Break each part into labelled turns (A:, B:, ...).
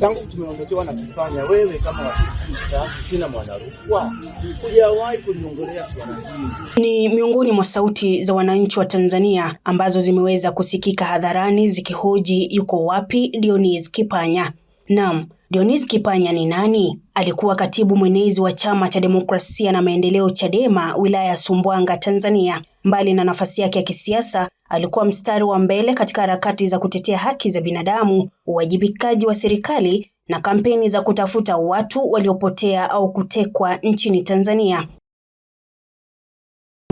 A: tangu tumeondokewa na kifanya wewe kama wakikista tena Mwanarukwa hujawahi kuniongelea swala
B: hili. Ni miongoni mwa sauti za wananchi wa Tanzania ambazo zimeweza kusikika hadharani zikihoji yuko wapi Dionis Kipanya. Naam, Dionis Kipanya ni nani? Alikuwa katibu mwenezi wa chama cha demokrasia na maendeleo Chadema wilaya ya Sumbwanga, Tanzania. Mbali na nafasi yake ya kisiasa, Alikuwa mstari wa mbele katika harakati za kutetea haki za binadamu, uwajibikaji wa serikali na kampeni za kutafuta watu waliopotea au kutekwa nchini Tanzania.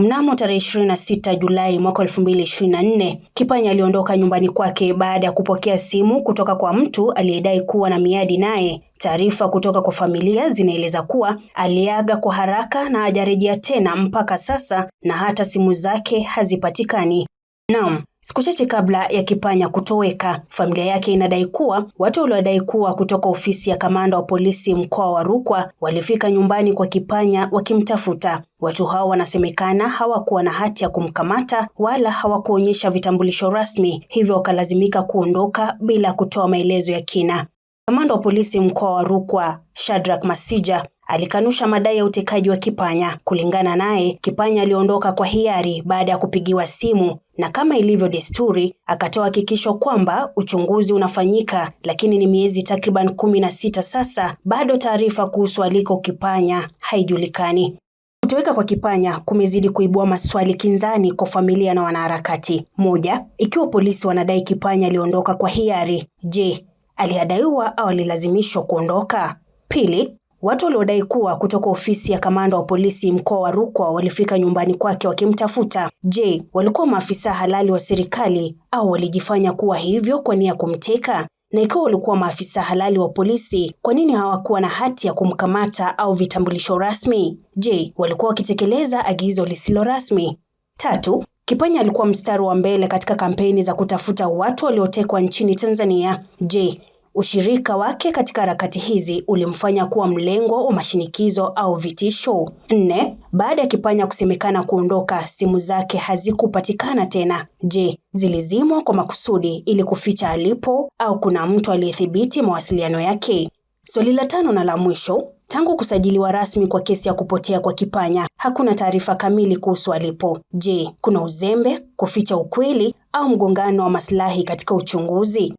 B: Mnamo tarehe 26 Julai mwaka 2024, Kipanya aliondoka nyumbani kwake baada ya kupokea simu kutoka kwa mtu aliyedai kuwa na miadi naye. Taarifa kutoka kwa familia zinaeleza kuwa aliaga kwa haraka na hajarejea tena mpaka sasa na hata simu zake hazipatikani. Naam, siku chache kabla ya Kipanya kutoweka, familia yake inadai kuwa watu waliodai kuwa kutoka ofisi ya kamanda wa polisi mkoa wa Rukwa walifika nyumbani kwa Kipanya wakimtafuta. Watu hao wanasemekana hawakuwa na hati ya kumkamata wala hawakuonyesha vitambulisho rasmi, hivyo wakalazimika kuondoka bila kutoa maelezo ya kina. Kamanda wa polisi mkoa wa Rukwa, Shadrack Masija alikanusha madai ya utekaji wa Kipanya. Kulingana naye, Kipanya aliondoka kwa hiari baada ya kupigiwa simu na kama ilivyo desturi akatoa hakikisho kwamba uchunguzi unafanyika, lakini ni miezi takriban kumi na sita sasa bado taarifa kuhusu aliko Kipanya haijulikani. Kutoweka kwa Kipanya kumezidi kuibua maswali kinzani kwa familia na wanaharakati. Moja, ikiwa polisi wanadai Kipanya aliondoka kwa hiari, je, aliadaiwa au alilazimishwa kuondoka? Pili, Watu waliodai kuwa kutoka ofisi ya kamanda wa polisi mkoa wa Rukwa walifika nyumbani kwake wakimtafuta. Je, walikuwa maafisa halali wa serikali au walijifanya kuwa hivyo kwa nia ya kumteka? Na ikiwa walikuwa maafisa halali wa polisi, kwa nini hawakuwa na hati ya kumkamata au vitambulisho rasmi? Je, walikuwa wakitekeleza agizo lisilo rasmi? Tatu, Kipanya alikuwa mstari wa mbele katika kampeni za kutafuta watu waliotekwa nchini Tanzania. Je, Ushirika wake katika harakati hizi ulimfanya kuwa mlengo wa mashinikizo au vitisho. Nne, baada ya Kipanya kusemekana kuondoka, simu zake hazikupatikana tena. Je, zilizimwa kwa makusudi ili kuficha alipo au kuna mtu aliyethibiti mawasiliano yake? Swali la tano na la mwisho, tangu kusajiliwa rasmi kwa kesi ya kupotea kwa Kipanya, hakuna taarifa kamili kuhusu alipo. Je, kuna uzembe, kuficha ukweli au mgongano wa maslahi katika uchunguzi?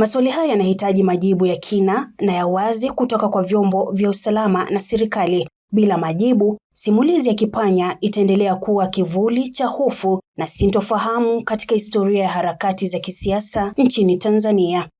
B: Maswali haya yanahitaji majibu ya kina na ya wazi kutoka kwa vyombo vya usalama na serikali. Bila majibu, simulizi ya Kipanya itaendelea kuwa kivuli cha hofu na sintofahamu katika historia ya harakati za kisiasa nchini Tanzania.